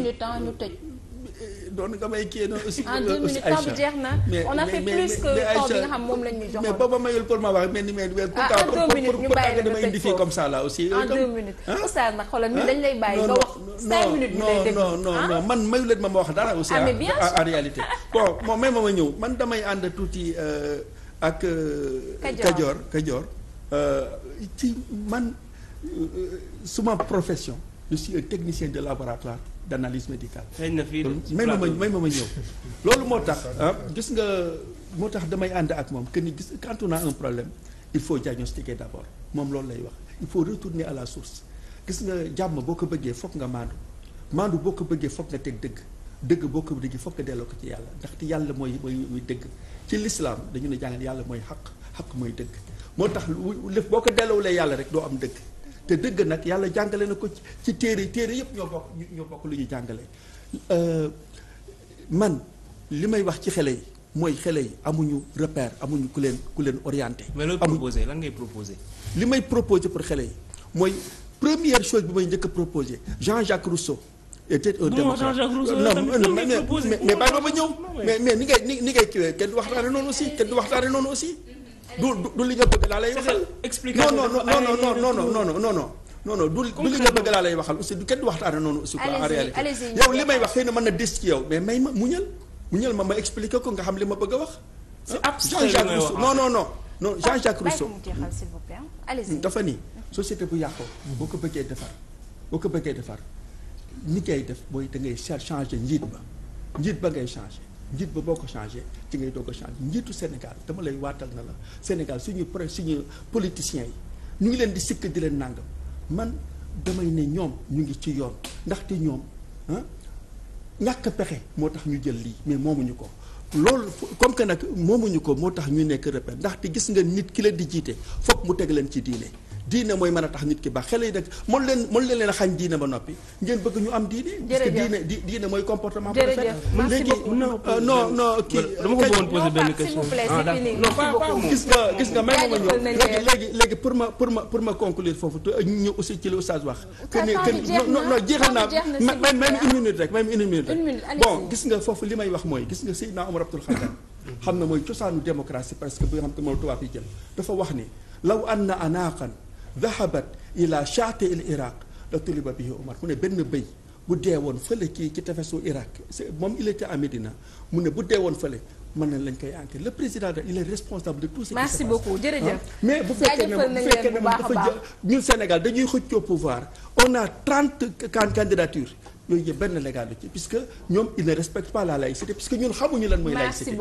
minutes ñu tëj. doon nga may kii noonu aussi. en deux euh, minutes temps bi jeex na. on a fait plus que temps bi nga xam moom lañ ñu joxoon. mais booba mayul pour ma wax mais ni mais. ah en deux minutes ñu bàyyi la nga dama indi fii comme ça là aussi. en deux minutes oustaz nag xoolal ñu dañ lay bàyyi nga wax. cinq minutes ñu lay déglu non non non man mayu leen ma ma wax dara aussi. Ah, en réalité bon moom même ma ñëw man damay ànd tuuti euh, ak. Euh, Kajoor Kajoor ci man suma profession. je suis un technicien de laboratoire d'analyse médicale. xëy na fii may ma ma may ma ma ñëw. loolu moo tax ah gis nga moo tax damay ànd ak moom que ni gis quand un problème il faut diagnostiquer d'abord moom loolu lay wax il faut retourner à la source gis nga jàmm boo ko bëggee foog nga maandu maandu boo ko bëggee foog nga teg dëgg dëgg boo ko bëggee foog nga delloo ko ci yàlla ndaxte yàlla mooy mooy dëgg ci lislaam dañu ne jàngal yàlla mooy xaq xaq mooy dëgg moo tax lu boo ko delloowulee yàlla rek doo am dëgg. te dëgg nag yàlla jàngale na ko ci téere téere yëpp ñoo bokk ñoo bokk lu ñu jàngale euh, man li may wax ci xele yi mooy xele yi amuñu repère amuñu ku leen ku leen orienté. mais looy proposé lan ngay proposé. li may proposé pour xele yi mooy première chose bi may njëkk a proposé Jean-Jacques Rousseau. était un démocrate non mais mais bàyyi ma ñëw mais ni ngay ni ngay kenn du waxtaane noonu aussi kenn du waxtaane noonu aussi. du du li nga bëgg laa lay waxal. non non non non non non non non non. non non du du li nga bëgg laa lay waxal aussi du kenn du waxtaane noonu aussi quoi en réalité yow li may wax xëy na mën na des ci yow mais may ma muñal ma ma expliqué ko nga xam li ma bëgg a wax. Jean-Jacques Rousseau non non non non Jean-Jacques Rousseau dafa nii société bu yàqoo boo ko bëggee defar boo ko bëggee defar ni ngay def booy da ngay changer njiit ba njiit ba ngay changer njiit ba boo ko changé ci ngay doog a changé njiitu Sénégal dama lay waatal na la Sénégal suñu pro suñu politiciens yi ñu ngi leen di sikk di leen nàngam man damay ne ñoom ñu ngi ci yoon ndax ndaxte ñoom ah ñàkk pexe moo tax ñu jël lii mais moomuñu ko loolu comme que nag moomuñu ko moo tax ñu nekk repère ndaxte gis nga nit ki leen di jiite foog mu teg leen ci diine diine mooy mën a tax nit ki baax xale yi nag mën leen mën leen leen a xañ diine ba noppi ngeen bëgg ñu am diine parce que mooy comportement parfait léegi non euh, kii dama ko bëggoon poser benn question ah, non pas gis nga gis nga may ma ma ñëw léegi pour pour ma pour ma conclure foofu te ñu aussi ci li wax que ni que naa même même une minute rek même une minute rek bon gis nga foofu li may wax mooy gis nga Seydina Omar Abdul Khattab xam na mooy cosaanu démocratie parce que bi nga xam te moom tubaab yi jël dafa wax ni law na anaaqan zahabat ila shaati il iraq la tuliba bihi omar mu ne benn bëy bu dee woon fële kii ci tefesu iraq moom il était à Médina mu ne bu dee woon fële mën nañ lañ koy enquête le président il est responsable de tout ce merci qui se passe beaucoup ah, mais bu fekkee ne bu fekkee ne dafa jël ñun Sénégal dañuy xëccoo pouvoir on a trente candidatures yooyu yëpp benn légal la ci puisque ñoom il ne respecte pas la laïcité puisque ñun xamuñu lan mooy laïcité